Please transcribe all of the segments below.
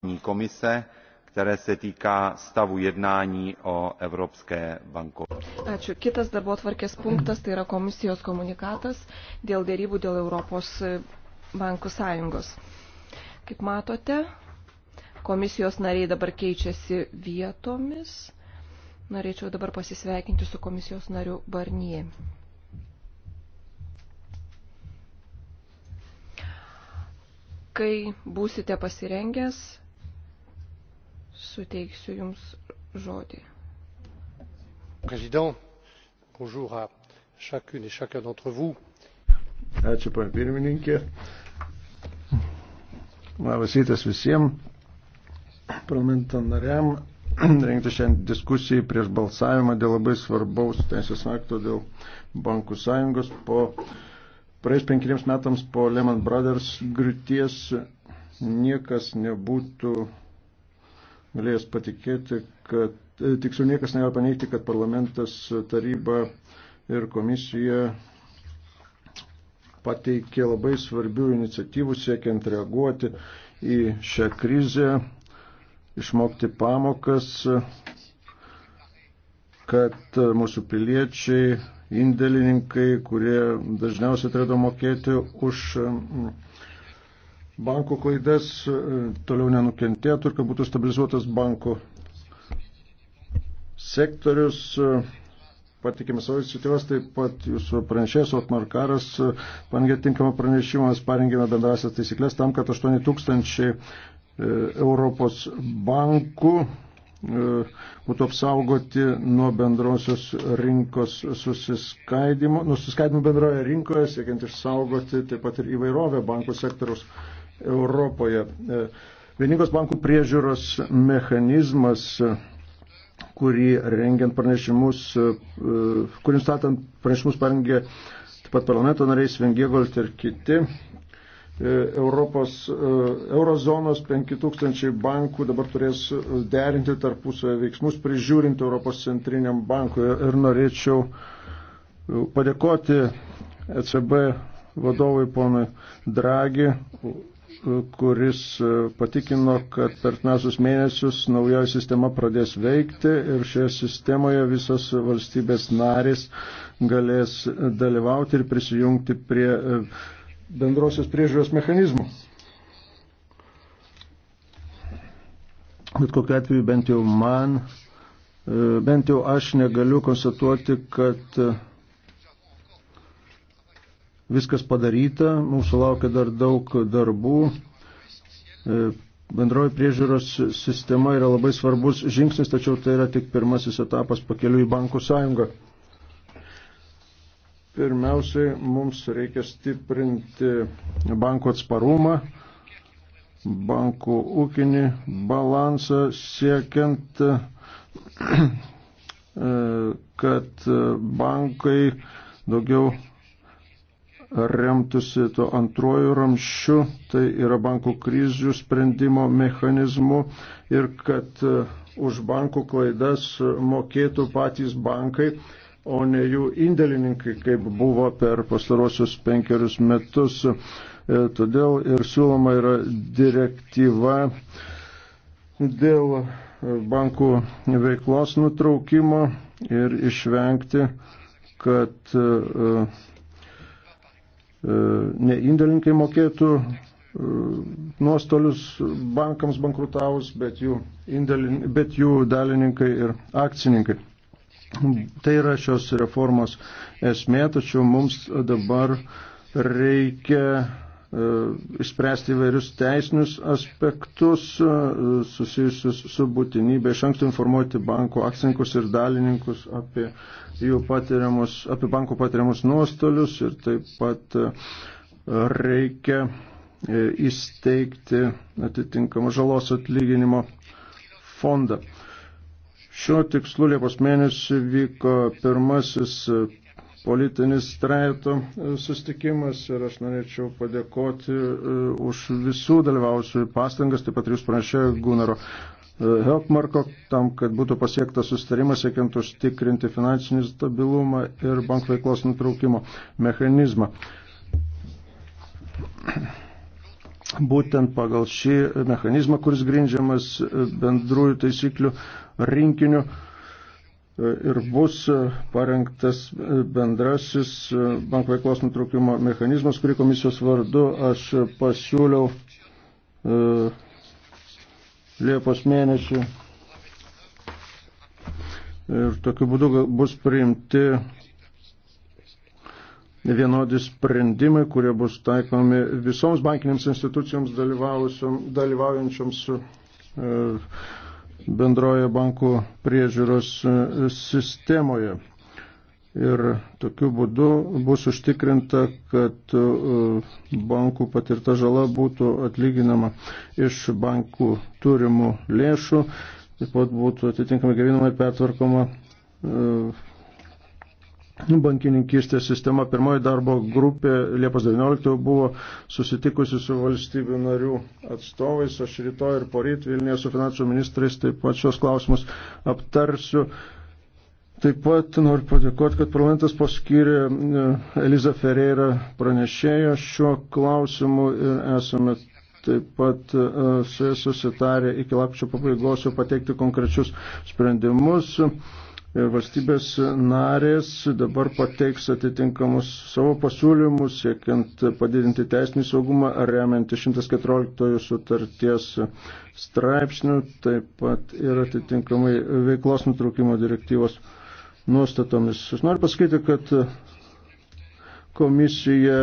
prohlášení komise které se týká stavu jednání o Evropské bankovniai. Ačiū. Kitas darbo tvarkės punktas tai yra komisijos komunikatas dėl dėrybų dėl Europos bankų sąjungos. Kaip matote, komisijos nariai dabar keičiasi vietomis. Norėčiau dabar pasisveikinti su komisijos nariu Barnie. Kai būsite pasirengęs, suteiksiu Jums žodį. Prezident, bonjour à chacune et chacun d'entre vous. Ačiū, pana pirmininkė. Labas rytas visiems parlamento nariam. Rengti šiandien diskusijai prieš balsavimą dėl labai svarbaus teisės akto dėl bankų sąjungos po praeis penkeriems metams po Lehman Brothers griūties niekas nebūtų galėjęs patikėti, kad e, tiksliau niekas negali paneigti, kad parlamentas, e, taryba ir komisija pateikė labai svarbių iniciatyvų siekiant reaguoti į šią krizę, išmokti pamokas, kad mūsų piliečiai, indėlininkai, kurie dažniausiai turėtų mokėti už bankų klaidas e, toliau nenukentėtų ir kad būtų stabilizuotas bankų sektorius. E, patikime savo iniciatyvas, taip pat jūsų pranešėjas Otmarkaras e, parengė tinkamą pranešimą, mes parengėme bendrasias taisyklės tam, kad 8 tūkstančiai Europos bankų būtų apsaugoti nuo bendrosios rinkos susiskaidimo, nusiskaidimo bendroje rinkoje, siekiant išsaugoti taip pat ir įvairovę bankų sektoriaus Europoje. E, vieningos bankų priežiūros mechanizmas, e, kurį rengiant pranešimus, e, kurį statant pranešimus parengė taip pat parlamento nariai Svengiegolt ir kiti. Europos eurozonos 5000 bankų dabar turės derinti tarpusavę veiksmus, prižiūrinti Europos centriniam bankui. Ir norėčiau padėkoti ECB vadovui ponui Dragi kuris e, patikino, kad per nasus mėnesius naujoji sistema pradės veikti ir šioje sistemoje visos valstybės narės galės dalyvauti ir prisijungti prie e, bendrosios priežiūros mechanizmų. Bet kokiu atveju bent jau man, e, bent jau aš negaliu konstatuoti, kad viskas padaryta, mūsų laukia dar daug darbų. E, bendroji priežiūros sistema yra labai svarbus žingsnis, tačiau tai yra tik pirmasis etapas pakeliu į bankų sąjungą. Pirmiausiai mums reikia stiprinti bankų atsparumą, bankų ūkinį balansą siekiant, e, kad bankai daugiau remtųsi tuo antrojų ramščių, tai yra bankų krizių sprendimo mechanizmu ir kad e, už bankų klaidas mokėtų patys bankai, o ne jų indėlininkai, kaip buvo per pastarosius penkerius metus. E, todėl ir siūloma yra direktyva dėl bankų veiklos nutraukimo ir išvengti, kad e, E, neindėlinkai mokėtų e, nuostolius bankams bankrutavus, bet jų, indėlin, bet jų dalininkai ir akcininkai. Tai yra šios reformos esmė, tačiau mums dabar reikia E, išspręsti įvairius teisinius aspektus e, susijusius su būtinybė iš anksto informuoti banko akcininkus ir dalininkus apie jų patiriamus, apie bankų patiriamus nuostolius ir taip pat e, reikia įsteigti atitinkamą žalos atlyginimo fondą. Šiuo tikslu Liepos mėnesį vyko pirmasis politinis trejato e, sustikimas ir aš norėčiau padėkoti e, už visų dalyvausių pastangas, taip pat jūs pranešėjo Gunaro e, Helpmarko, tam, kad būtų pasiektas sustarimas, siekiant užtikrinti finansinį stabilumą ir bank veiklos nutraukimo mechanizmą. Būtent pagal šį mechanizmą, kuris grindžiamas bendrųjų taisyklių rinkiniu, ir bus e, parengtas e, bendrasis e, banko veiklos nutraukimo mechanizmas, kurį komisijos vardu aš pasiūliau Liepos mėnesį. Ir tokiu būdu bus priimti vienodi sprendimai, kurie bus taikomi visoms bankinėms institucijoms dalyvaujančioms. dalyvaujančioms e, bendroje bankų priežiūros e, sistemoje. Ir tokiu būdu bus užtikrinta, kad e, bankų patirta žala būtų atlyginama iš bankų turimų lėšų, taip pat būtų atitinkamai gavinama ir pertvarkoma e, bankininkistės sistema. Pirmoji darbo grupė Liepos 19 buvo susitikusi su valstybių narių atstovais. Aš rytoj ir poryt Vilniuje su finansų ministrais taip pat šios klausimus aptarsiu. Taip pat noriu padėkoti, kad parlamentas paskyrė e, Eliza Ferreira pranešėją šiuo klausimu ir esame taip pat e, su jais susitarę iki lapčio pabaigos jau pateikti konkrečius sprendimus valstybės narės dabar pateiks atitinkamus savo pasiūlymus, siekiant padidinti teisinį saugumą, remianti 114 sutarties straipsnių, taip pat ir atitinkamai veiklos nutraukimo direktyvos nuostatomis. Aš noriu pasakyti, kad komisija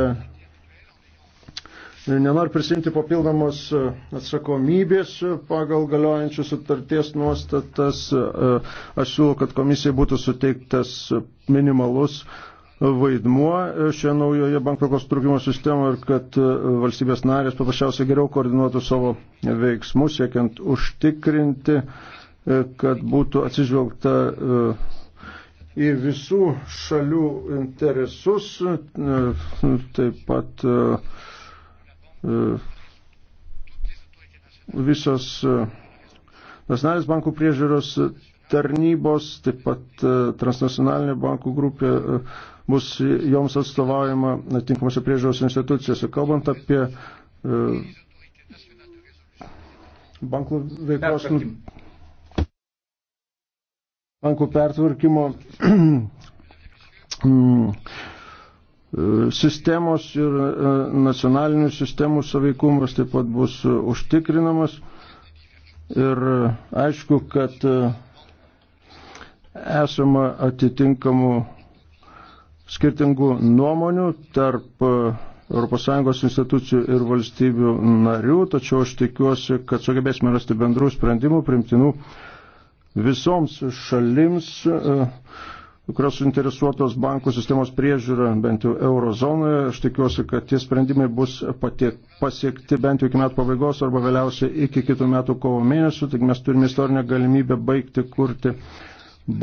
nenori prisimti papildomos e, atsakomybės pagal galiojančių sutarties nuostatas. E, aš siūlau, kad komisijai būtų suteiktas minimalus vaidmuo e, šioje naujoje bankrotos trūkimo sistemoje ir kad valstybės narės paprasčiausiai geriau koordinuotų savo veiksmus, siekiant užtikrinti, kad būtų atsižvelgta į visų šalių interesus, taip pat E, visos e, nacionalinės bankų priežiūros tarnybos, taip pat e, transnacionalinė bankų grupė bus joms atstovaujama atitinkamose priežiūros institucijose. Kalbant apie bankų veiklos nu- bankų pertvarkymo mm, sistemos ir e, nacionalinių sistemų saveikumas taip pat bus e, užtikrinamas. Ir e, aišku, kad esama atitinkamų skirtingų nuomonių tarp ES institucijų ir valstybių narių, tačiau aš tikiuosi, kad sugebėsime rasti bendrų sprendimų primtinų visoms šalims. Uh, kurios suinteresuotos bankų sistemos priežiūra bent jau eurozonoje. Aš tikiuosi, kad tie sprendimai bus patiek, pasiekti bent jau iki metų pabaigos arba vėliausiai iki kitų metų kovo mėnesių. Tik mes turime istorinę galimybę baigti kurti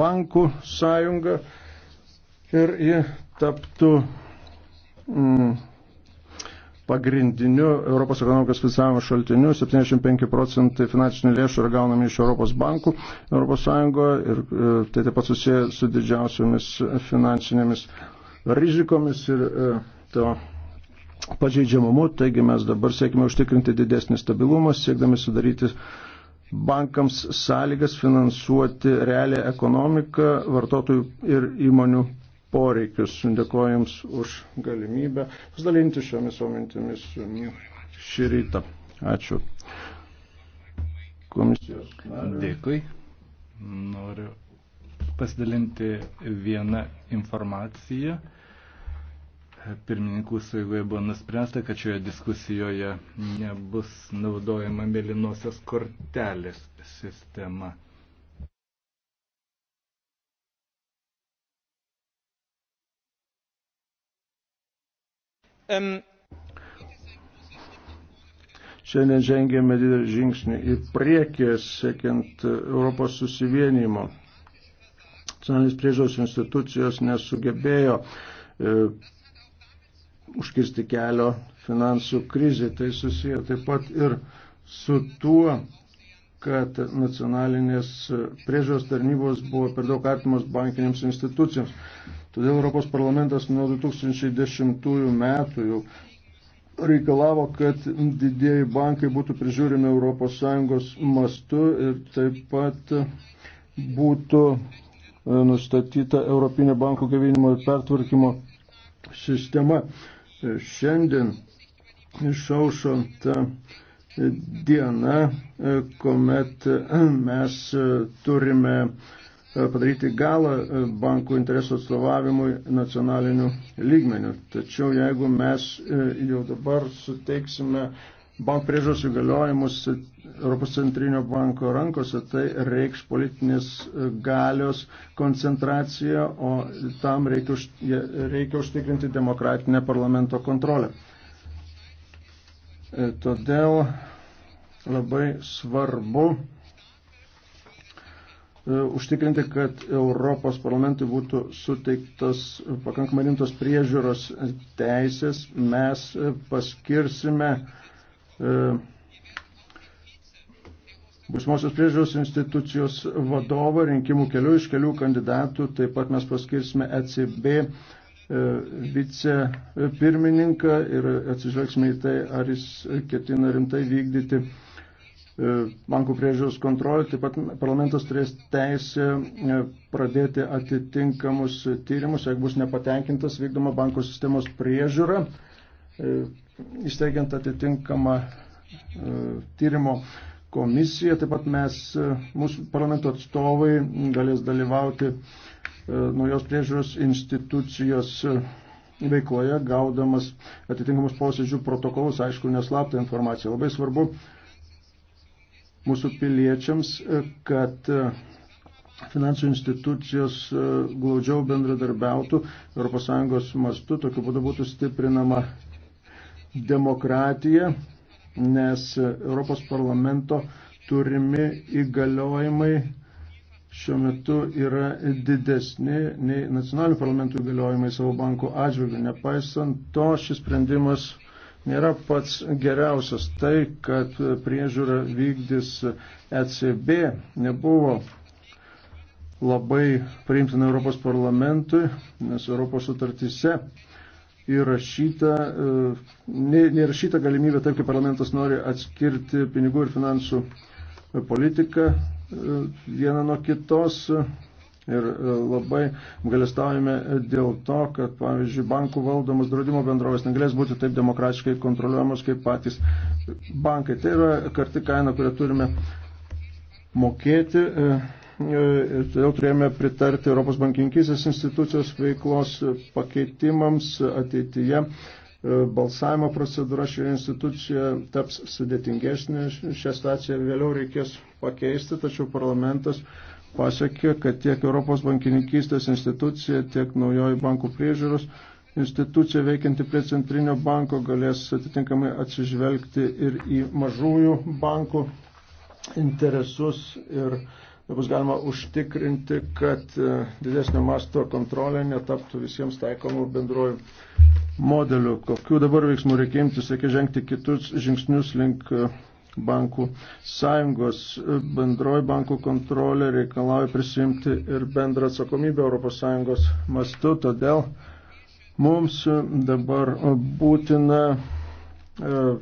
bankų sąjungą ir ji taptų mm, pagrindiniu Europos ekonomikos finansavimo šaltiniu. 75 procentai finansinių lėšų yra gaunami iš Europos bankų Europos Sąjungoje ir e, tai taip pat susiję su didžiausiomis finansinėmis rizikomis ir e, to pažeidžiamumu. Taigi mes dabar siekime užtikrinti didesnį stabilumą, siekdami sudaryti bankams sąlygas finansuoti realią ekonomiką, vartotojų ir įmonių poreikius. Dėkuoju Jums už galimybę pasidalinti šiomis savo mintimis šį rytą. Ačiū. Komisijos. Nariu. Dėkui. Noriu pasidalinti vieną informaciją. Pirmininkų sueigoje buvo nuspręsta, kad šioje diskusijoje nebus naudojama mėlynosios kortelės sistema. Šiandien žengėme didelį žingsnį į priekį, siekiant Europos susivienimo. Nacionalinės priežos institucijos nesugebėjo e, užkirsti kelio finansų krizė. Tai susiję taip pat ir su tuo, kad nacionalinės priežos tarnybos buvo per daug artimos bankinėms institucijoms. Todėl Europos parlamentas nuo 2010 metų jau reikalavo, kad didieji bankai būtų prižiūrimi ES mastu ir taip pat būtų e, nustatyta Europinė bankų gavinimo ir pertvarkymo sistema. E, šiandien išaušo ta diena, e, kuomet mes turime E, padaryti galą e, bankų interesų atstovavimui nacionaliniu lygmeniu. Tačiau jeigu mes e, jau dabar suteiksime bank priežos įgaliojimus Europos centrinio banko rankose, tai reikš politinės galios koncentracija, o tam reikia, už, reikia užtikrinti demokratinę parlamento kontrolę. Todėl labai svarbu E, užtikrinti, kad Europos parlamentui būtų suteiktos pakankamai rimtos priežiūros teisės, mes e, paskirsime e, Būsimosios priežiūros institucijos vadovą rinkimų kelių iš kelių kandidatų, taip pat mes paskirsime ECB vicepirmininką ir atsižvelgsime į tai, ar jis ketina rimtai vykdyti E, bankų priežiūros kontrolė, taip pat parlamentas turės teisę e, pradėti atitinkamus tyrimus, jeigu bus nepatenkintas vykdoma bankų sistemos priežiūra, e, įsteigiant atitinkamą tyrimo komisiją. Taip pat mes, mūsų parlamento atstovai, galės dalyvauti naujos priežiūros institucijos veikloje, gaudamas atitinkamus posėdžių protokolus, aišku, neslaptą informaciją. Labai svarbu mūsų piliečiams, kad e, finansų institucijos e, glaudžiau bendradarbiautų ES mastu, tokiu būdu būtų stiprinama demokratija, nes Europos parlamento turimi įgaliojimai šiuo metu yra didesni nei nacionalinių parlamentų įgaliojimai savo bankų atžvilgių. Nepaisant to, šis sprendimas nėra pats geriausias. Tai, kad priežiūra vykdys ECB, nebuvo labai priimtina Europos parlamentui, nes Europos sutartyse įrašyta, e, nerašyta galimybė, taip kaip parlamentas nori atskirti pinigų ir finansų politiką e, vieną nuo kitos Ir e, labai galėstavime dėl to, kad, pavyzdžiui, bankų valdomas draudimo bendrovės negalės būti taip demokratiškai kontroliuojamos kaip patys bankai. Tai yra karti kaina, kurią turime mokėti. E, e, ir todėl turėjome pritarti Europos bankininkysės institucijos veiklos pakeitimams ateityje balsavimo procedūra šioje institucijoje taps sudėtingesnė, šią staciją vėliau reikės pakeisti, tačiau parlamentas pasiekė, kad tiek Europos bankininkystės institucija, tiek naujoji bankų priežiūros institucija veikianti prie centrinio banko galės atitinkamai atsižvelgti ir į mažųjų bankų interesus ir bus galima užtikrinti, kad e, didesnio masto kontrolė netaptų visiems taikomų bendrojų modelių. Kokių dabar veiksmų reikia imtis, reikia žengti kitus žingsnius link e, bankų sąjungos. Bendroji bankų kontrolė reikalauja prisimti ir bendrą atsakomybę ES mastu, todėl mums dabar būtina e,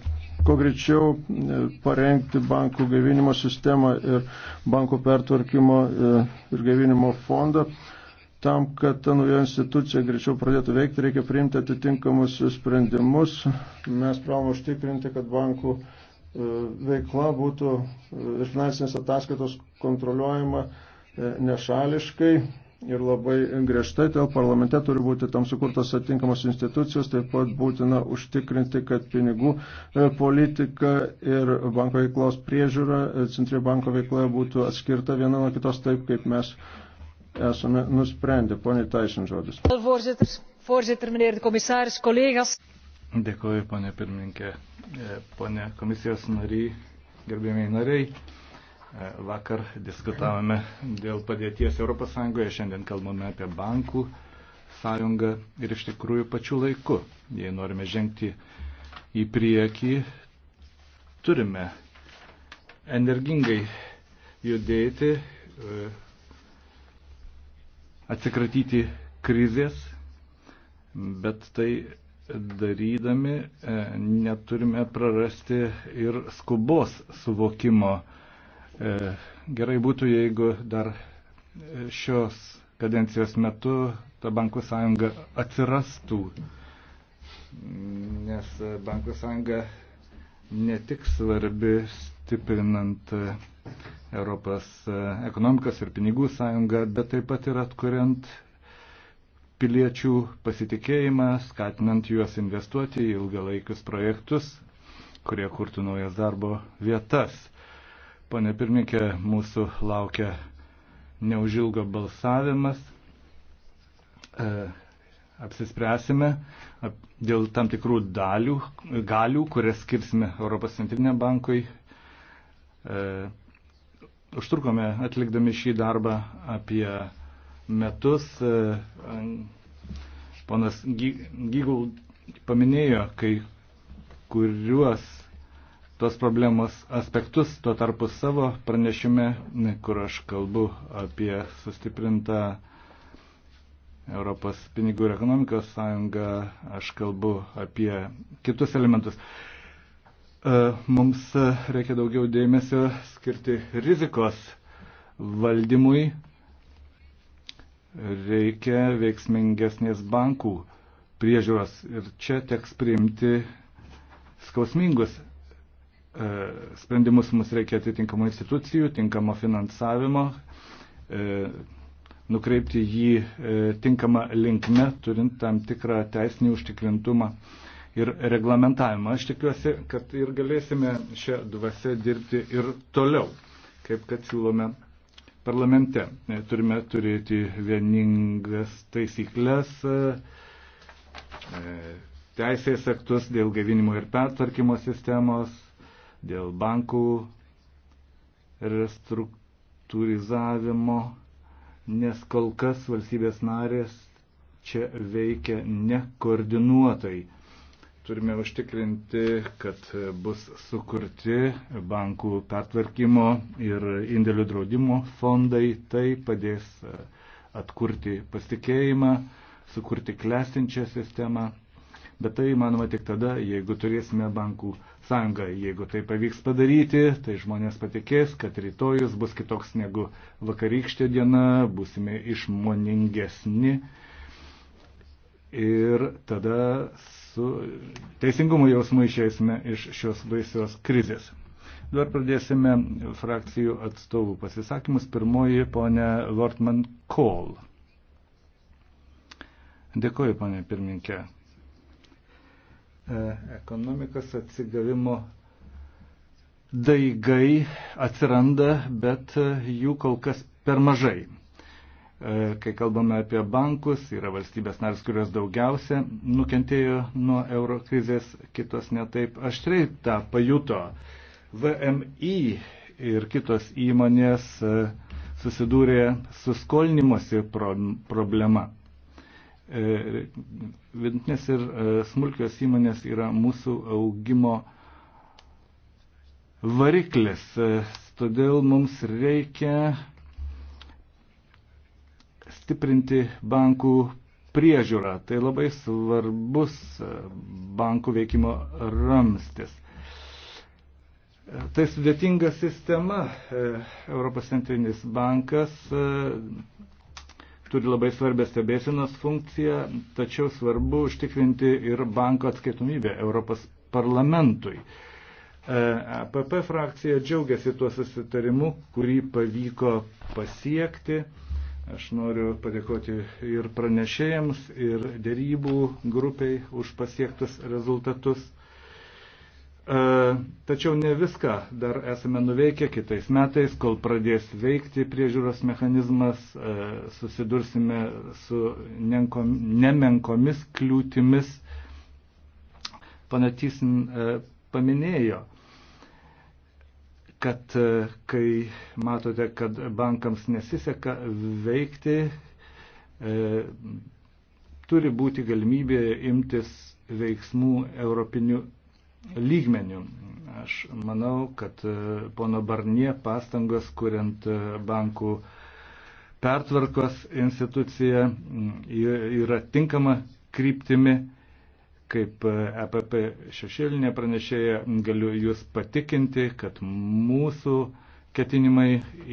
kuo greičiau e, parengti bankų gaivinimo sistemą ir bankų pertvarkymo e, ir gaivinimo fondą. Tam, kad ta nauja institucija greičiau pradėtų veikti, reikia priimti atitinkamus sprendimus. Mes privalome užtikrinti, kad bankų uh, E, veikla būtų e, ir finansinės ataskaitos kontroliuojama e, nešališkai ir labai griežtai, todėl parlamente turi būti tam sukurtos atinkamos institucijos, taip pat būtina užtikrinti, kad pinigų politika ir banko veiklos priežiūra centrinio banko veikloje būtų atskirta viena nuo kitos taip, kaip mes esame nusprendę. Pone Taisin žodis. Voorzitter, voorzitter, meneer de commissaris, collega's. Dėkuoju, ponė pirmininkė, e, ponė komisijos nariai, gerbėmiai nariai. E, vakar diskutavome dėl padėties ES, šiandien kalbame apie bankų sąjungą ir iš tikrųjų pačiu laiku, jei norime žengti į priekį, turime energingai judėti, e, atsikratyti krizės, bet tai darydami e, neturime prarasti ir skubos suvokimo. E, gerai būtų, jeigu dar e, šios kadencijos metu ta bankų sąjunga atsirastų, nes bankų sąjunga ne tik svarbi stiprinant Europos ekonomikos ir pinigų sąjungą, bet taip pat ir atkuriant piliečių pasitikėjimą, skatinant juos investuoti į ilgalaikius projektus, kurie kurtų naujas darbo vietas. Pone pirmininkė, mūsų laukia neužilgo balsavimas. E, apsispręsime ap, dėl tam tikrų dalių, galių, kurias skirsime Europos centrinė bankui. E, užtrukome atlikdami šį darbą apie metus e, ponas Gygul paminėjo kai kuriuos tos problemos aspektus, tuo tarpu savo pranešime, kur aš kalbu apie sustiprintą Europos pinigų ir ekonomikos sąjungą, aš kalbu apie kitus elementus. E, mums reikia daugiau dėmesio skirti rizikos valdymui reikia veiksmingesnės bankų priežiūros ir čia teks priimti skausmingus e, sprendimus, mums reikia atitinkamų institucijų, tinkamo finansavimo, e, nukreipti jį e, tinkamą linkme, turint tam tikrą teisinį užtikrintumą ir reglamentavimą. Aš tikiuosi, kad ir galėsime šią dvasę dirbti ir toliau, kaip kad siūlome parlamente. E, turime turėti vieningas taisyklės, e, e, teisės aktus dėl gavinimo ir pertvarkymo sistemos, dėl bankų restruktūrizavimo, nes kol kas valstybės narės čia veikia nekoordinuotai turime užtikrinti, kad bus sukurti bankų pertvarkymo ir indėlių draudimo fondai. Tai padės e, atkurti pasitikėjimą, sukurti klestinčią sistemą. Bet tai įmanoma tik tada, jeigu turėsime bankų sąjungą. Jeigu tai pavyks padaryti, tai žmonės patikės, kad rytojus bus kitoks negu vakarykštė diena, būsime išmoningesni ir tada su teisingumo jausmu išeisime iš šios baisios krizės. Dabar pradėsime frakcijų atstovų pasisakymus. Pirmoji ponė Lortman Kohl. Dėkuoju, ponė pirminkė. E, ekonomikos atsigavimo daigai atsiranda, bet jų kol kas per mažai. E, kai kalbame apie bankus, yra valstybės nars, kurios daugiausia nukentėjo nuo euro krizės, kitos netaip aštriai tą pajuto. VMI ir kitos įmonės e, susidūrė su skolinimuose problema. E, Vidinės ir smulkios įmonės yra mūsų augimo variklis, todėl mums reikia stiprinti bankų priežiūrą. Tai labai svarbus e, bankų veikimo ramstis. E, tai sudėtinga sistema. E, Europos centrinis bankas turi labai svarbę stebėsinos funkciją, tačiau svarbu užtikrinti ir banko atskaitomybę Europos parlamentui. APP frakcija džiaugiasi tuo susitarimu, kurį pavyko pasiekti. Aš noriu padėkoti ir pranešėjams, ir dėrybų grupiai už pasiektus rezultatus. E, tačiau ne viską dar esame nuveikę kitais metais, kol pradės veikti priežiūros mechanizmas, e, susidursime su nemenkomis kliūtimis. Panatysim e, paminėjo kad e, kai matote, kad bankams nesiseka veikti, e, turi būti galimybė imtis veiksmų europinių lygmenių. Aš manau, kad e, pono Barnie pastangos, kuriant e, bankų pertvarkos instituciją, yra tinkama kryptimi Kaip EPP e šešėlinė pranešėja galiu Jūs patikinti, kad mūsų ketinimai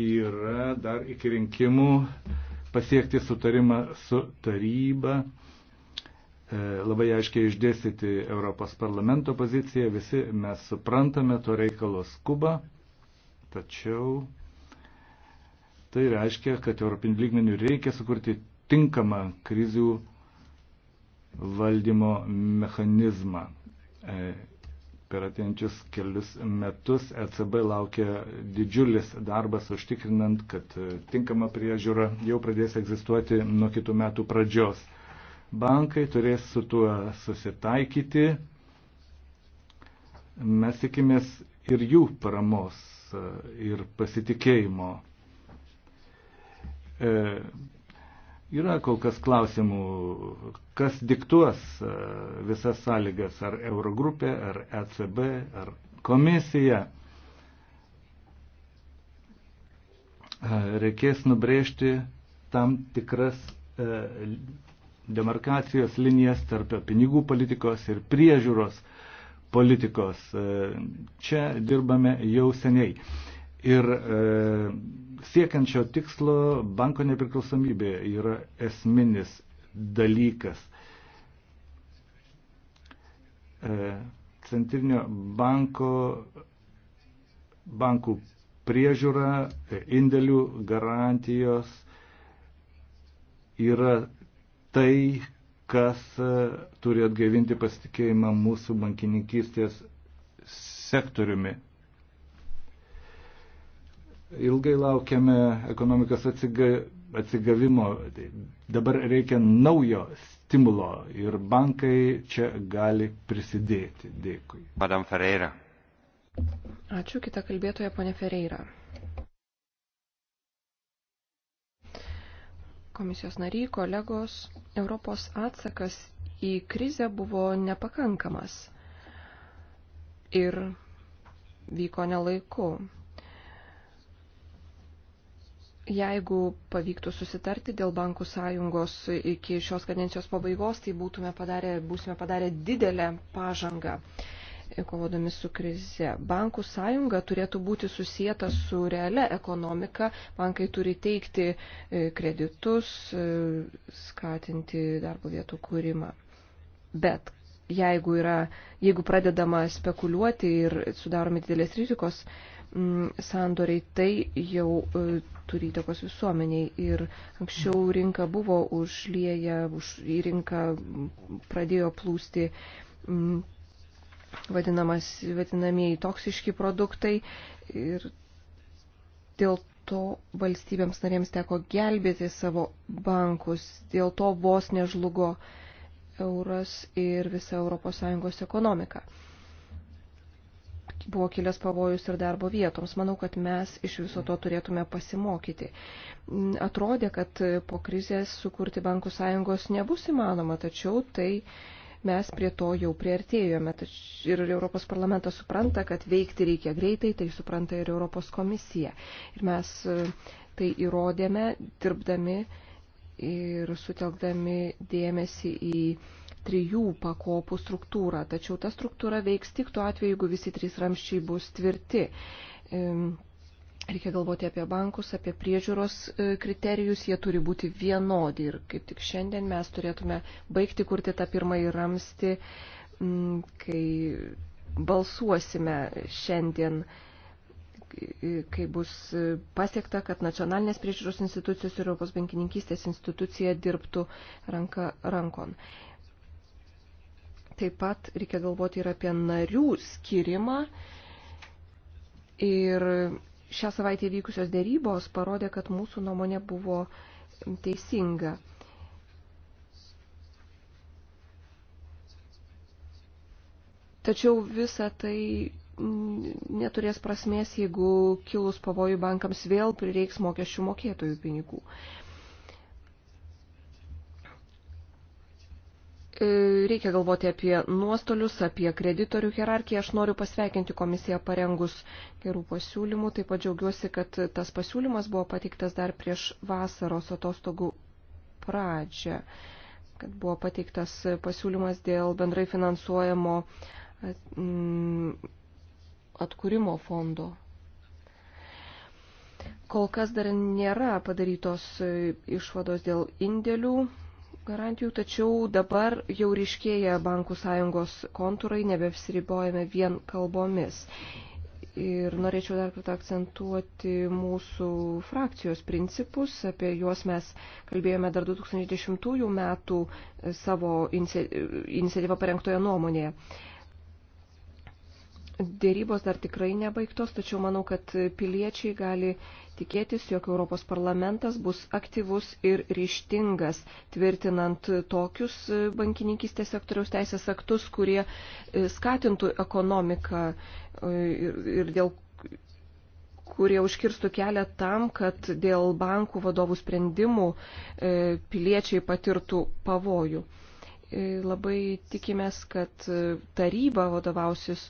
yra dar iki rinkimų pasiekti sutarimą su taryba, e, labai aiškiai išdėstyti Europos parlamento poziciją, visi mes suprantame to reikalo skubą, tačiau tai reiškia, kad Europinių lygmenių reikia sukurti tinkamą krizių valdymo mechanizmą. E, per atėjančius kelius metus ECB laukia didžiulis darbas užtikrinant, kad e, tinkama priežiūra jau pradės egzistuoti nuo kitų metų pradžios. Bankai turės su tuo susitaikyti. Mes tikimės ir jų paramos e, ir pasitikėjimo Yra kol kas klausimų, kas diktuos e, visas sąlygas, ar Eurogrupė, ar ECB, ar komisija. E, reikės nubrėžti tam tikras e, demarkacijos linijas tarp pinigų politikos ir priežiūros politikos. Čia dirbame jau seniai. Ir siekiančio tikslo banko nepriklausomybė yra esminis dalykas. E, centrinio banko bankų priežiūra, e, indėlių garantijos yra tai, kas e, turi atgaivinti pasitikėjimą mūsų bankininkystės sektoriumi. Ilgai laukiame ekonomikos atsigavimo. Tai dabar reikia naujo stimulo ir bankai čia gali prisidėti. Dėkui. Madam Ferreira. Ačiū, kita kalbėtoja, ponė Ferreira. komisijos nariai, kolegos, Europos atsakas į krizę buvo nepakankamas ir vyko nelaiku. Jeigu pavyktų susitarti dėl bankų sąjungos iki šios kadencijos pabaigos, tai būtume padarę, būsime padarę didelę pažangą kovodami su krize. Bankų sąjunga turėtų būti susijęta su realia ekonomika. Bankai turi teikti e, kreditus, e, skatinti darbo vietų kūrimą. Bet jeigu, yra, jeigu pradedama spekuliuoti ir sudaromi didelės rizikos, Mm, sandoriai, tai jau e, turi įtakos visuomeniai. Ir anksčiau rinka buvo užlieja, už, į rinką mm, pradėjo plūsti mm, vadinamas, vadinamieji toksiški produktai. Ir dėl to valstybėms narėms teko gelbėti savo bankus, dėl to vos nežlugo euras ir visa ES ekonomika buvo kilęs pavojus ir darbo vietoms. Manau, kad mes iš viso to turėtume pasimokyti. Atrodė, kad po krizės sukurti bankų sąjungos nebus įmanoma, tačiau tai mes prie to jau priartėjome. Ir Europos parlamentas supranta, kad veikti reikia greitai, tai supranta ir Europos komisija. Ir mes e, tai įrodėme, dirbdami ir sutelkdami dėmesį į trijų pakopų struktūrą, tačiau ta struktūra veiks tik tuo atveju, jeigu visi trys ramščiai bus tvirti. Reikia galvoti apie bankus, apie priežiūros e, kriterijus, jie turi būti vienodi ir kaip tik šiandien mes turėtume baigti kurti tą pirmąjį ramstį, kai balsuosime šiandien e, kai bus e, pasiekta, kad nacionalinės priežiūros institucijos ir Europos bankininkystės institucija dirbtų ranka rankon. Taip pat reikia galvoti ir apie narių skirimą. Ir šią savaitę vykusios dėrybos parodė, kad mūsų nuomonė buvo teisinga. Tačiau visa tai neturės prasmės, jeigu kilus pavojų bankams vėl prireiks mokesčių mokėtojų pinigų. E, reikia galvoti apie nuostolius, apie kreditorių hierarchiją. Aš noriu pasveikinti komisiją parengus gerų pasiūlymų. Taip pat džiaugiuosi, kad tas pasiūlymas buvo pateiktas dar prieš vasaros atostogų pradžią, kad buvo pateiktas pasiūlymas dėl bendrai finansuojamo mm, atkūrimo fondo. Kol kas dar nėra padarytos išvados dėl indėlių garantijų, tačiau dabar jau ryškėja bankų sąjungos kontūrai, nebepsiribojame vien kalbomis. Ir norėčiau dar kartą akcentuoti mūsų frakcijos principus, apie juos mes kalbėjome dar 2010 metų savo iniciatyvą parengtoje nuomonėje. Dėrybos dar tikrai nebaigtos, tačiau manau, kad piliečiai gali tikėtis, jog Europos parlamentas bus aktyvus ir ryštingas, tvirtinant tokius bankininkystės sektoriaus teisės aktus, kurie e, skatintų ekonomiką e, ir, ir dėl kurie užkirstų kelią tam, kad dėl bankų vadovų sprendimų e, piliečiai patirtų pavojų. Labai tikimės, kad taryba vadovausis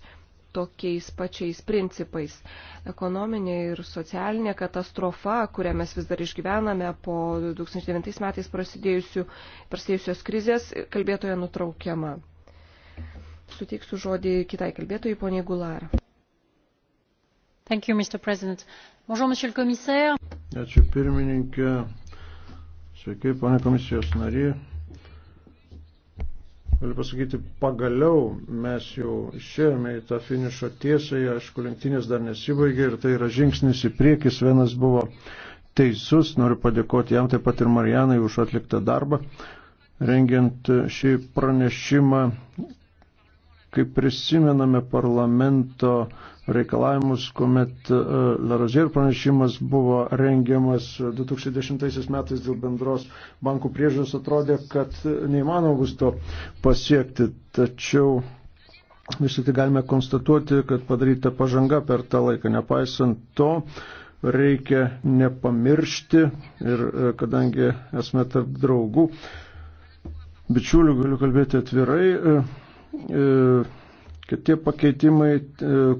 tokiais pačiais principais. Ekonominė ir socialinė katastrofa, kurią mes vis dar išgyvename po 2009 metais prasidėjusios krizės, kalbėtoje nutraukiama. Suteiksiu žodį kitai kalbėtojai, poniai Gular. You, Mr. President. Bonjour, Monsieur le Commissaire. Ačiū pirmininkė. Sveiki, ponė komisijos narė. Galiu pasakyti, pagaliau mes jau išėjome į tą finišo tiesą, aišku, lenktynės dar nesibaigė ir tai yra žingsnis į priekį. Svenas buvo teisus, noriu padėkoti jam taip pat ir Marijanai už atliktą darbą, rengiant šį pranešimą Kaip prisimename parlamento reikalavimus, kuomet e, Larozier pranešimas buvo rengiamas 2010 metais dėl bendros bankų priežiūros, atrodė, kad neįmanoma bus to pasiekti. Tačiau vis tik tai galime konstatuoti, kad padaryta pažanga per tą laiką. Nepaisant to, reikia nepamiršti ir e, kadangi esame tarp draugų, bičiulių, galiu kalbėti atvirai, e, E, kad tie pakeitimai, e,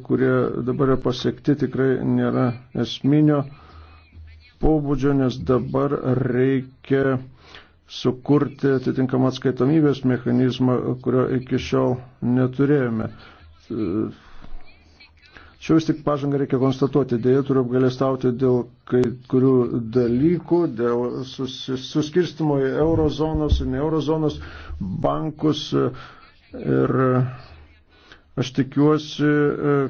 kurie dabar yra pasiekti, tikrai nėra esminio pobūdžio, nes dabar reikia sukurti atitinkamą atskaitomybės mechanizmą, kurio iki šiol neturėjome. E, čia vis tik pažangą reikia konstatuoti, dėja turiu apgalėstauti dėl kai kurių dalykų, dėl sus, suskirstimo į eurozonos ir ne eurozonos bankus, Ir e, aš tikiuosi, e,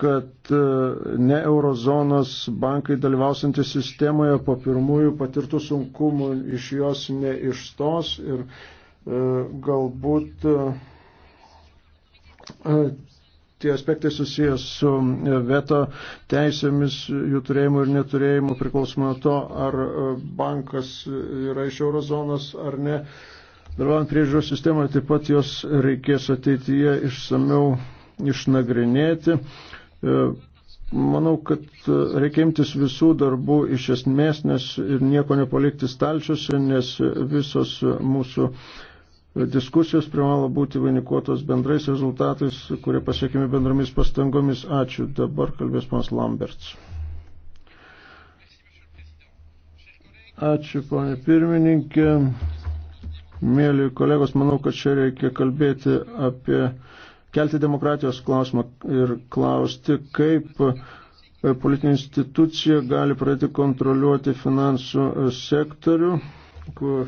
kad e, ne eurozonos bankai dalyvausiantis sistemoje po pirmųjų patirtų sunkumų iš jos neišstos ir galbūt tie aspektai susijęs su veto teisėmis, jų turėjimu ir neturėjimu priklausomai nuo to, ar bankas yra iš eurozonos ar ne. Dalyvaujant priežiūros sistemoje taip pat jos reikės ateityje išsameu išnagrinėti. E, manau, kad e, reikia imtis visų darbų iš esmės, nes ir nieko nepalikti stalčiuose, nes visos mūsų diskusijos privalo būti vainikuotos bendrais rezultatais, kurie pasiekime bendromis pastangomis. Ačiū. Dabar kalbės panas Lamberts. Ačiū, ponė pirmininkė. Mėly kolegos, manau, kad čia reikia kalbėti apie kelti demokratijos klausimą ir klausti, kaip e, politinė institucija gali pradėti kontroliuoti finansų e, sektorių, kur,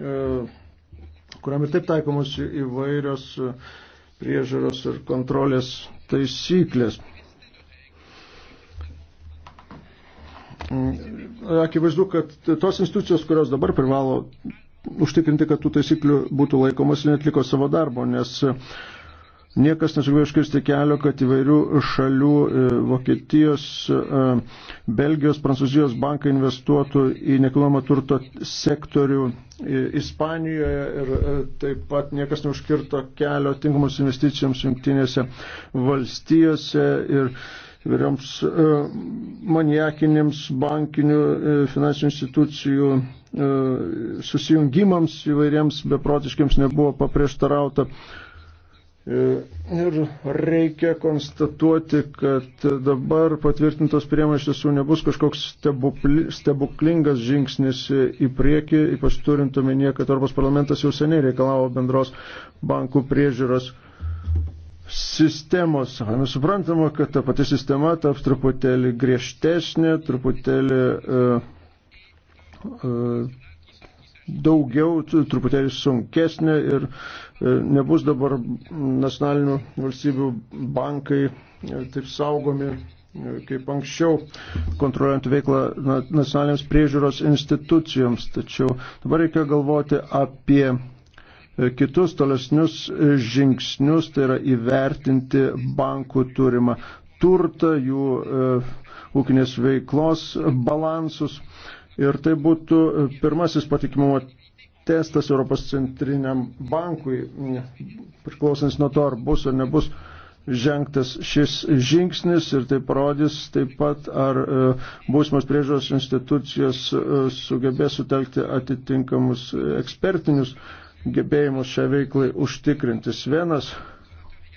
e, kuriam ir taip taikomos įvairios priežaros ir kontrolės taisyklės. Mm, akivaizdu, kad tos institucijos, kurios dabar privalo užtikrinti, kad tų taisyklių būtų laikomas ir netliko savo darbo, nes e, niekas nesugebėjo iškirsti kelio, kad įvairių šalių e, Vokietijos, e, Belgijos, Prancūzijos bankai investuotų į nekilnojamo turto sektorių Ispanijoje ir taip pat niekas neužkirto kelio tinkamos investicijoms jungtinėse valstijose ir įvairioms e, maniakinėms bankinių e, finansinių institucijų e, susijungimams įvairiems beprotiškiams nebuvo paprieštarauta. Ir reikia konstatuoti, kad dabar patvirtintos priemonės tiesų nebus kažkoks stebuklingas žingsnis į priekį, ypač turint omenyje, kad Europos parlamentas jau seniai reikalavo bendros bankų priežiūros sistemos. Savame suprantama, kad ta pati sistema taps truputėlį griežtesnė, truputėlį uh, uh, daugiau, truputėlį sunkesnė ir uh, nebus dabar nacionalinių valstybių bankai taip saugomi kaip anksčiau kontroliuojant veiklą nacionalinėms priežiūros institucijoms. Tačiau dabar reikia galvoti apie E, kitus tolesnius e, žingsnius, tai yra įvertinti bankų turimą turtą, jų e, ūkinės veiklos balansus. Ir tai būtų pirmasis patikimumo testas Europos centriniam bankui, priklausant nuo to, ar bus ar nebus žengtas šis žingsnis ir tai parodys taip pat, ar būsimas priežiūros institucijos sugebės sutelkti atitinkamus ekspertinius gebėjimus šią veiklai užtikrinti. Svenas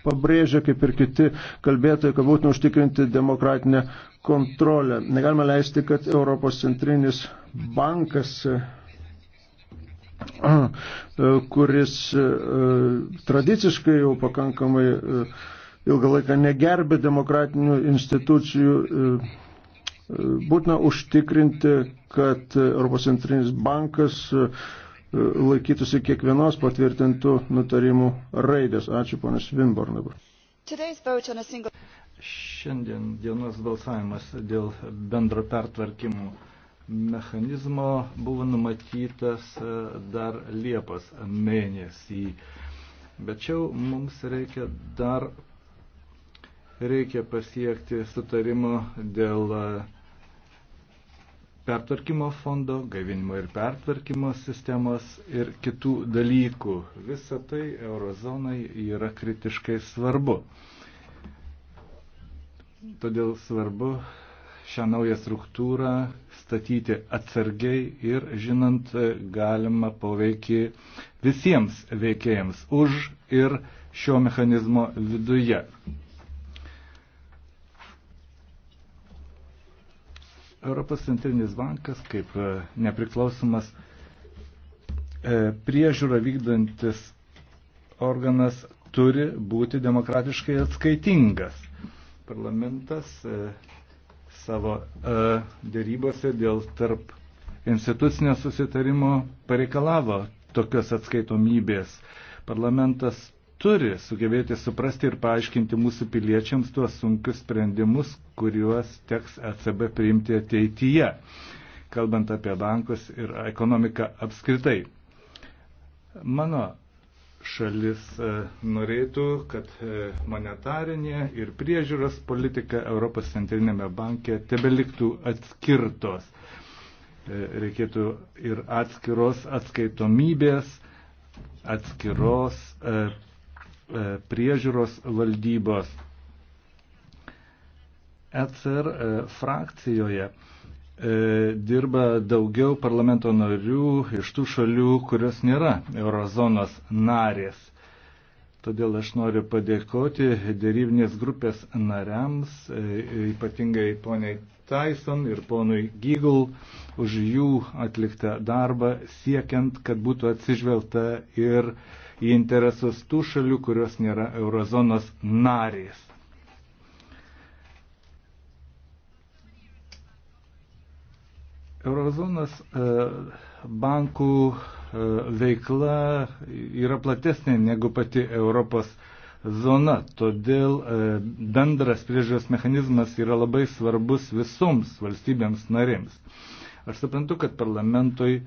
pabrėžia, kaip ir kiti kalbėtojai, kad būtina užtikrinti demokratinę kontrolę. Negalima leisti, kad Europos centrinis bankas kuris e, tradiciškai jau pakankamai e, ilgą laiką negerbė demokratinių institucijų, e, būtina užtikrinti, kad Europos centrinis bankas laikytųsi kiekvienos patvirtintų nutarimų raidės. Ačiū, ponas Vimborn dabar. Šiandien dienos balsavimas dėl bendro pertvarkymų mechanizmo buvo numatytas e, dar Liepos mėnesį. Bet čia mums reikia dar reikia pasiekti sutarimo dėl e, pertvarkymo fondo, gaivinimo ir pertvarkymo sistemos ir kitų dalykų. Visa tai eurozonai yra kritiškai svarbu. Todėl svarbu šią naują struktūrą statyti atsargiai ir žinant galima poveikį visiems veikėjams už ir šio mechanizmo viduje. Europos centrinis bankas kaip e, nepriklausomas e, priežiūra vykdantis organas turi būti demokratiškai atskaitingas. Parlamentas e, savo dėrybose dėl tarp institucinio susitarimo pareikalavo tokios atskaitomybės. Parlamentas turi sugebėti suprasti ir paaiškinti mūsų piliečiams tuos sunkius sprendimus, kuriuos teks ECB priimti ateityje, kalbant apie bankus ir ekonomiką apskritai. Mano šalis e, norėtų, kad e, monetarinė ir priežiūros politika Europos centrinėme banke tebeliktų atskirtos. E, reikėtų ir atskiros atskaitomybės, atskiros E, priežiūros valdybos. ECR e, frakcijoje e, dirba daugiau parlamento narių iš tų šalių, kurios nėra eurozonos narės. Todėl aš noriu padėkoti dėrybinės grupės nariams, ypatingai poniai Tyson ir ponui Giggle, už jų atliktą darbą, siekiant, kad būtų atsižvelgta ir uh, į interesus tų šalių, kurios nėra eurozonos narės. Eurozonos e, bankų e, veikla yra platesnė negu pati Europos zona, todėl e, bendras priežiūros mechanizmas yra labai svarbus visoms valstybėms narėms. Aš suprantu, kad parlamentui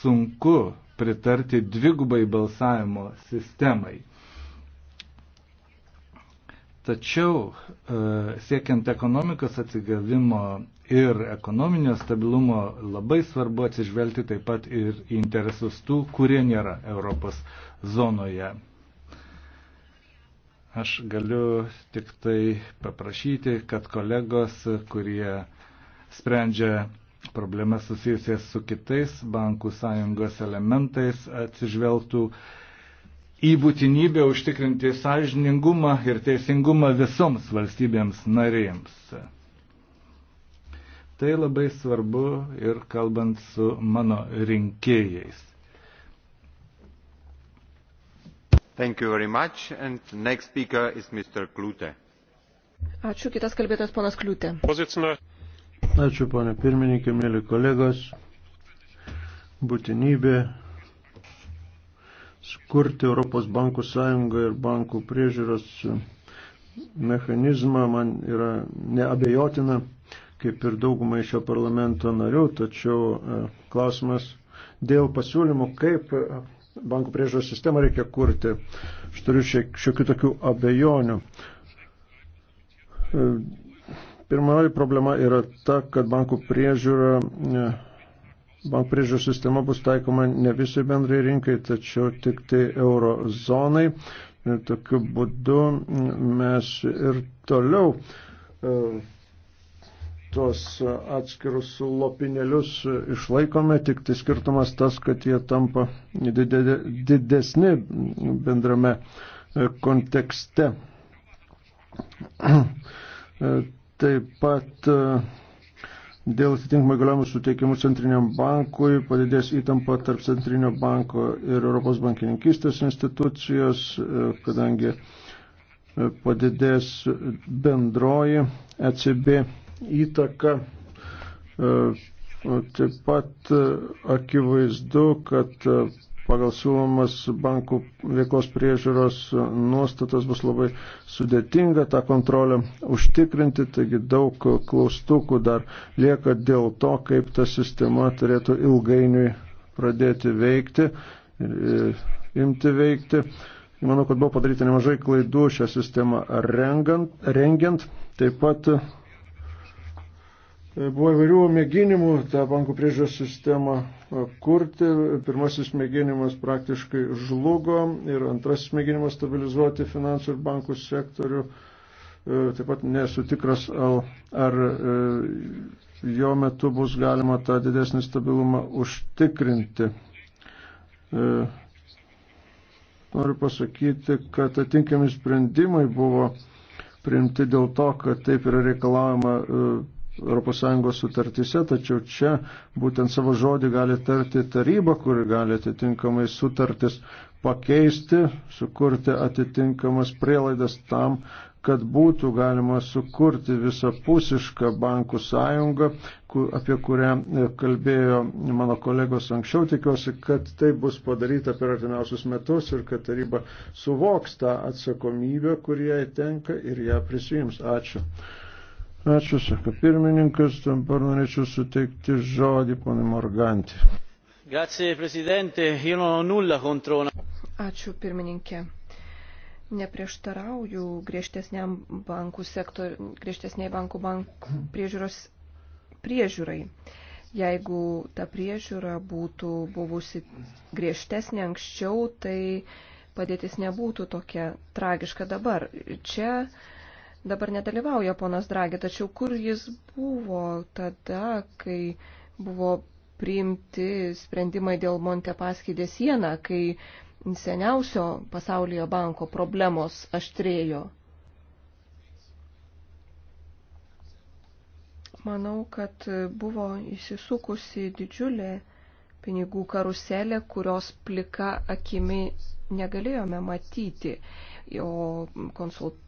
sunku pritarti dvigubai balsavimo sistemai. Tačiau e, siekiant ekonomikos atsigavimo ir ekonominio stabilumo labai svarbu atsižvelgti taip pat ir į interesus tų, kurie nėra Europos zonoje. Aš galiu tik tai paprašyti, kad kolegos, kurie sprendžia problemas susijusias su kitais bankų sąjungos elementais atsižvelgtų į būtinybę užtikrinti sąžiningumą ir teisingumą visoms valstybėms narėms. Tai labai svarbu ir kalbant su mano rinkėjais. Thank you very much. And next speaker is Mr. Klute. Ačiū, kitas kalbėtojas ponas Kliūtė. Ačiū, ponė pirmininkė, mėly kolegos. Būtinybė skurti Europos bankų sąjungą ir bankų priežiūros mechanizmą man yra neabejotina, kaip ir daugumai šio parlamento narių, tačiau e, klausimas dėl pasiūlymų, kaip e, bankų priežiūros sistemą reikia kurti. Aš turiu šiokių tokių abejonių e, Pirmoji problema yra ta, kad bankų priežiūra, bankų priežiūros sistema bus taikoma ne visai bendrai rinkai, tačiau tik tai eurozonai. Ir tokiu būdu mes ir toliau e, tuos atskirus lopinėlius išlaikome, tik tai skirtumas tas, kad jie tampa didesni bendrame e, kontekste e, Taip pat e, dėl atitinkamai galiojimų suteikimų Centriniam bankui padidės įtampa tarp Centrinio banko ir Europos bankininkistės institucijos, e, kadangi e, padidės bendroji ECB įtaka. Taip pat akivaizdu, kad pagal siūlomas bankų veiklos priežiūros nuostatas bus labai sudėtinga tą kontrolę užtikrinti, taigi daug klaustukų dar lieka dėl to, kaip ta sistema turėtų ilgainiui pradėti veikti, imti veikti. Manau, kad buvo padaryta nemažai klaidų šią sistemą rengiant. Taip pat E, buvo įvairių mėginimų tą bankų priežiūros sistemą e, kurti. Pirmasis mėginimas praktiškai žlugo ir antrasis mėginimas stabilizuoti finansų ir bankų sektorių. E, taip pat nesu tikras, ar jo metu bus galima tą didesnį stabilumą užtikrinti. Noriu pasakyti, kad atinkami sprendimai buvo priimti dėl to, kad taip yra reikalavima ES sutartise, tačiau čia būtent savo žodį gali tarti taryba, kuri gali atitinkamai sutartis pakeisti, sukurti atitinkamas prielaidas tam, kad būtų galima sukurti visapusišką bankų sąjungą, apie kurią e, kalbėjo mano kolegos anksčiau. Tikiuosi, kad tai bus padaryta per artimiausius metus ir kad taryba suvoks tą atsakomybę, kurie tenka ir ją prisijims. Ačiū. Ačiū, sako pirmininkas, dabar norėčiau suteikti žodį ponui Morganti. Grazie, prezidente, io non ho nulla contro una. Ačiū, pirmininkė. Neprieštarauju griežtesniam bankų sektor, griežtesniai bankų bank priežiūros priežiūrai. Jeigu ta priežiūra būtų buvusi griežtesnė anksčiau, tai padėtis nebūtų tokia tragiška dabar. Čia dabar nedalyvauja ponas Dragi, tačiau kur jis buvo tada, kai buvo priimti sprendimai dėl Montepaskidė sieną, kai seniausio pasaulio banko problemos aštrėjo. Manau, kad buvo įsisukusi didžiulė pinigų karuselė, kurios plika akimi negalėjome matyti, o konsult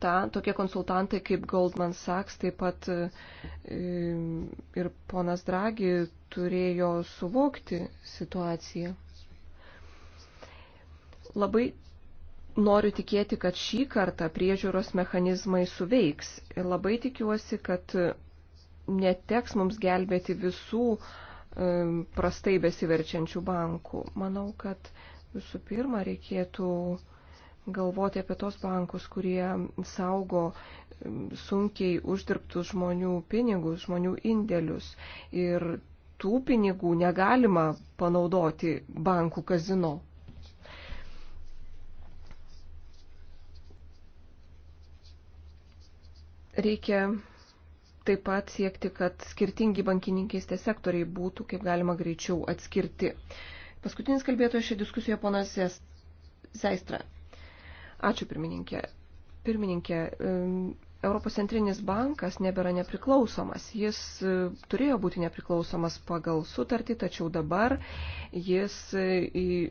ta, tokie konsultantai kaip Goldman Sachs, taip pat e, ir ponas Dragi turėjo suvokti situaciją. Labai noriu tikėti, kad šį kartą priežiūros mechanizmai suveiks ir labai tikiuosi, kad neteks mums gelbėti visų e, prastai besiverčiančių bankų. Manau, kad visų pirma reikėtų galvoti apie tos bankus, kurie saugo sunkiai uždirbtus žmonių pinigus, žmonių indėlius. Ir tų pinigų negalima panaudoti bankų kazino. Reikia taip pat siekti, kad skirtingi bankininkystės sektoriai būtų kaip galima greičiau atskirti. Paskutinis kalbėtojas šią diskusiją ponas Zeistra. Ačiū pirmininkė. Pirmininkė, Europos centrinis bankas nebėra nepriklausomas. Jis e, turėjo būti nepriklausomas pagal sutartį, tačiau dabar jis e,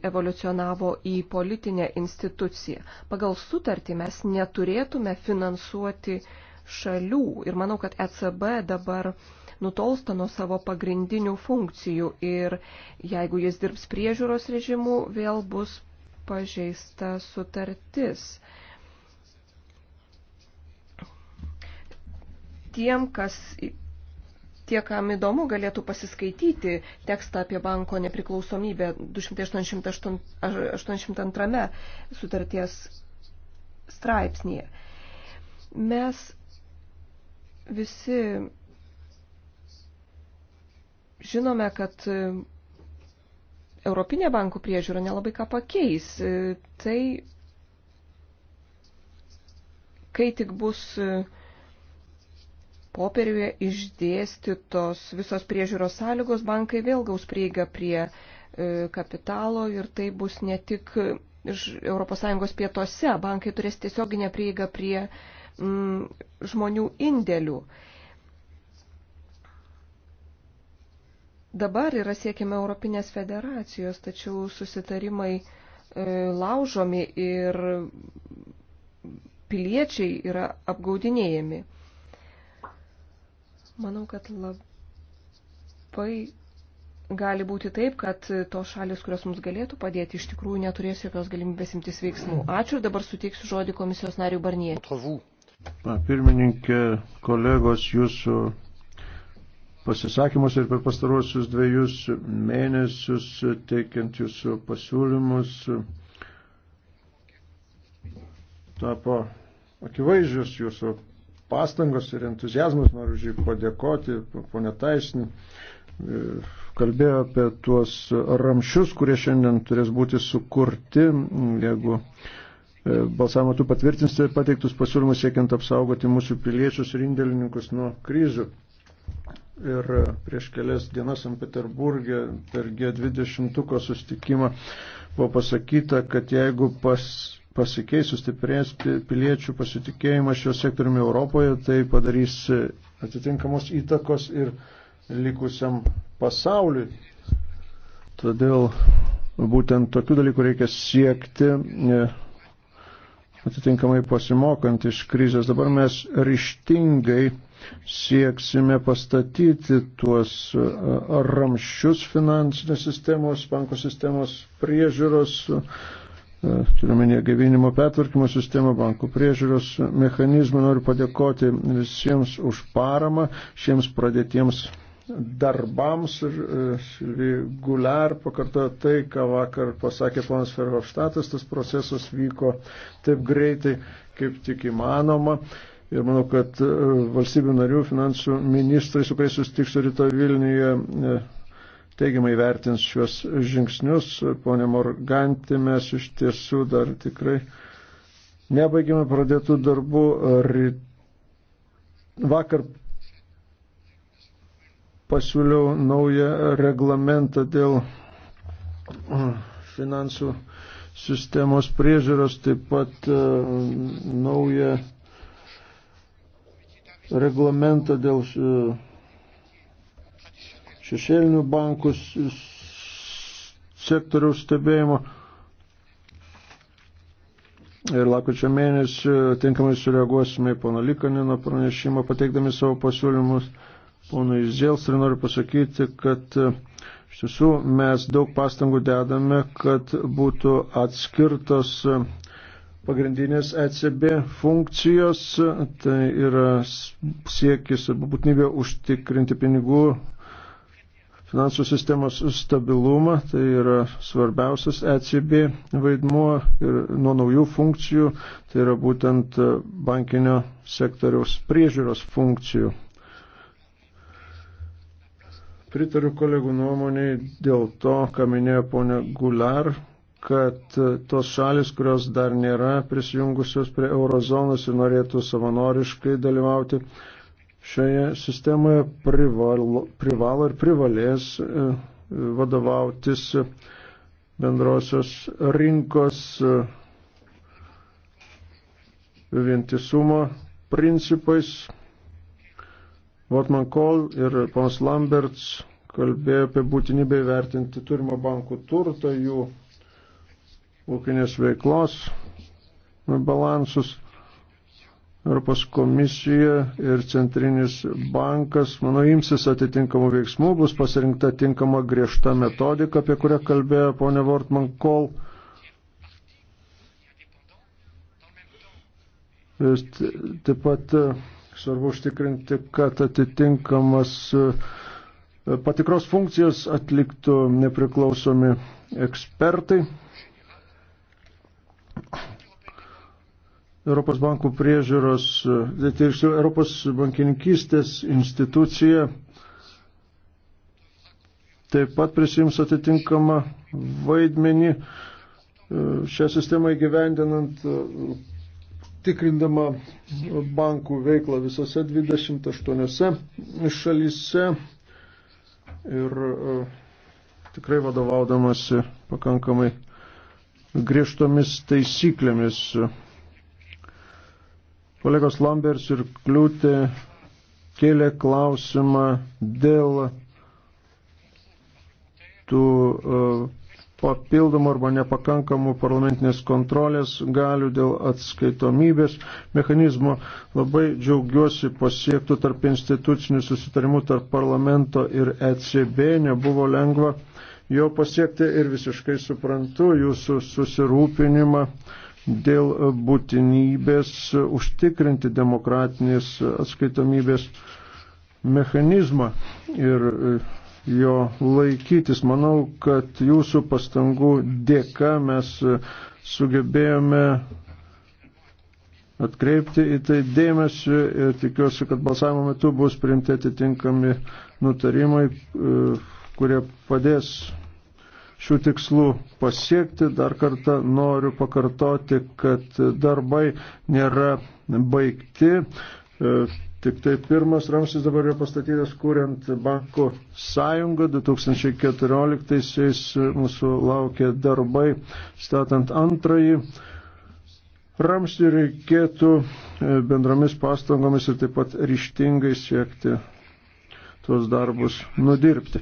evoliucionavo į politinę instituciją. Pagal sutartį mes neturėtume finansuoti šalių ir manau, kad ECB dabar nutolsta nuo savo pagrindinių funkcijų ir jeigu jis dirbs priežiūros režimu, vėl bus pažeista sutartis. Tiem, kas, tie, kam įdomu, galėtų pasiskaityti tekstą apie banko nepriklausomybę 282 sutarties straipsnėje. Mes visi žinome, kad Europinė bankų priežiūra nelabai ką pakeis. E, tai kai tik bus e, popieriuje išdėstytos visos priežiūros sąlygos, bankai vėl gaus prieigą prie e, kapitalo ir tai bus ne tik iš ES pietuose, bankai turės tiesioginę prieigą prie mm, žmonių indėlių. Dabar yra siekime Europinės federacijos, tačiau susitarimai e, laužomi ir piliečiai yra apgaudinėjami. Manau, kad labai gali būti taip, kad tos šalis, kurios mums galėtų padėti, iš tikrųjų neturės jokios galimybės imtis veiksmų. Ačiū ir dabar suteiksiu žodį komisijos nariui Barnie. Pirmininkė, kolegos, jūsų pasisakymus ir per pastaruosius dviejus mėnesius teikiant jūsų pasiūlymus tapo akivaizdžios jūsų pastangos ir entuzijazmas, noriu už jį padėkoti, ponė Taisin, e, kalbėjo apie tuos ramšius, kurie šiandien turės būti sukurti, jeigu e, balsavimo tu patvirtinsite pateiktus pasiūlymus siekiant apsaugoti mūsų piliečius ir indėlininkus nuo krizių ir prieš kelias dienas St. Peterburgė per G20 sustikimą buvo pasakyta, kad jeigu pas, pasikeis, sustiprės piliečių pasitikėjimas šio sektoriumi Europoje, tai padarys atitinkamos įtakos ir likusiam pasauliui. Todėl būtent tokių dalykų reikia siekti. Ne, atitinkamai pasimokant iš krizės. Dabar mes ryštingai sieksime pastatyti tuos ramščius finansinės sistemos, banko sistemos priežiūros, turiuomenė gyvinimo pertvarkymo sistemą, bankų priežiūros mechanizmą. Noriu padėkoti visiems už paramą šiems pradėtiems darbams ir Silvija e, Guler pakartojo tai, ką vakar pasakė ponas Ferhofštatas, tas procesas vyko taip greitai, kaip tik įmanoma. Ir manau, kad e, valstybių narių finansų ministrai, su kuriais susitiksiu rytoj Vilniuje, e, teigiamai vertins šios žingsnius. Pone Morganti, mes iš tiesų dar tikrai nebaigėme pradėtų darbų. Vakar pasiūliau naują reglamentą dėl finansų sistemos priežiūros, taip pat e, naują reglamentą dėl e, šešėlinių bankų sektoriaus stebėjimo. Ir lakučio mėnesį tinkamai sureaguosime į pono Likanino pranešimą, pateikdami savo pasiūlymus ponui Zėlstri noriu pasakyti, kad e, iš tiesų mes daug pastangų dedame, kad būtų atskirtos e, pagrindinės ECB funkcijos, tai yra siekis arba būtinybė užtikrinti pinigų finansų sistemos stabilumą, tai yra svarbiausias ECB vaidmuo ir nuo naujų funkcijų, tai yra būtent e, bankinio sektoriaus priežiūros funkcijų Pritariu kolegų nuomoniai dėl to, ką minėjo ponia Gular, kad tos šalis, kurios dar nėra prisijungusios prie eurozonos ir norėtų savanoriškai dalyvauti šioje sistemoje, privalo, privalo ir privalės e, vadovautis bendrosios rinkos e, vientisumo principais Votman Kol ir ponas Lamberts kalbėjo apie būtinybę įvertinti turimą bankų turtą, jų ūkinės veiklos balansus. Europos komisija ir centrinis bankas, manau, imsis atitinkamų veiksmų, bus pasirinkta tinkama griežta metodika, apie kurią kalbėjo ponė Vortman Kol. Taip pat Svarbu užtikrinti, kad atitinkamas e, patikros funkcijas atliktų nepriklausomi ekspertai. Europos bankų priežiūros, e, tai Europos bankininkystės institucija taip pat prisims atitinkamą vaidmenį e, šią sistemą įgyvendinant tikrindama bankų veiklą visose 28 šalyse ir e, tikrai vadovaudamasi pakankamai griežtomis taisyklėmis. Kolegos Lambers ir Kliūtė kėlė klausimą dėl tų e, papildomų arba nepakankamų parlamentinės kontrolės galių dėl atskaitomybės mechanizmo. Labai džiaugiuosi pasiektų tarp institucinių susitarimų tarp parlamento ir ECB. Nebuvo lengva jo pasiekti ir visiškai suprantu jūsų susirūpinimą dėl būtinybės užtikrinti demokratinės atskaitomybės mechanizmą. Ir e, jo laikytis. Manau, kad jūsų pastangų dėka mes sugebėjome atkreipti į tai dėmesį ir tikiuosi, kad balsavimo metu bus priimti atitinkami nutarimai, e, kurie padės šių tikslų pasiekti. Dar kartą noriu pakartoti, kad darbai nėra baigti. E, Tik tai pirmas ramstis dabar yra pastatytas, kuriant bankų sąjungą. 2014-aisiais mūsų laukia darbai, statant antrąjį. Ramstį reikėtų e, bendromis pastangomis ir taip pat ryštingai siekti tuos darbus nudirbti.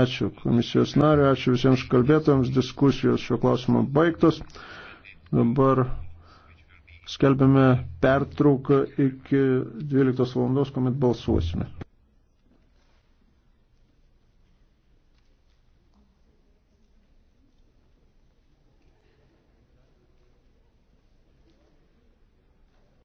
Ačiū komisijos nariu, ačiū visiems kalbėtojams, diskusijos šio klausimo baigtos. Dabar Skelbiame pertrauką iki 12 valandos, kuomet balsuosime.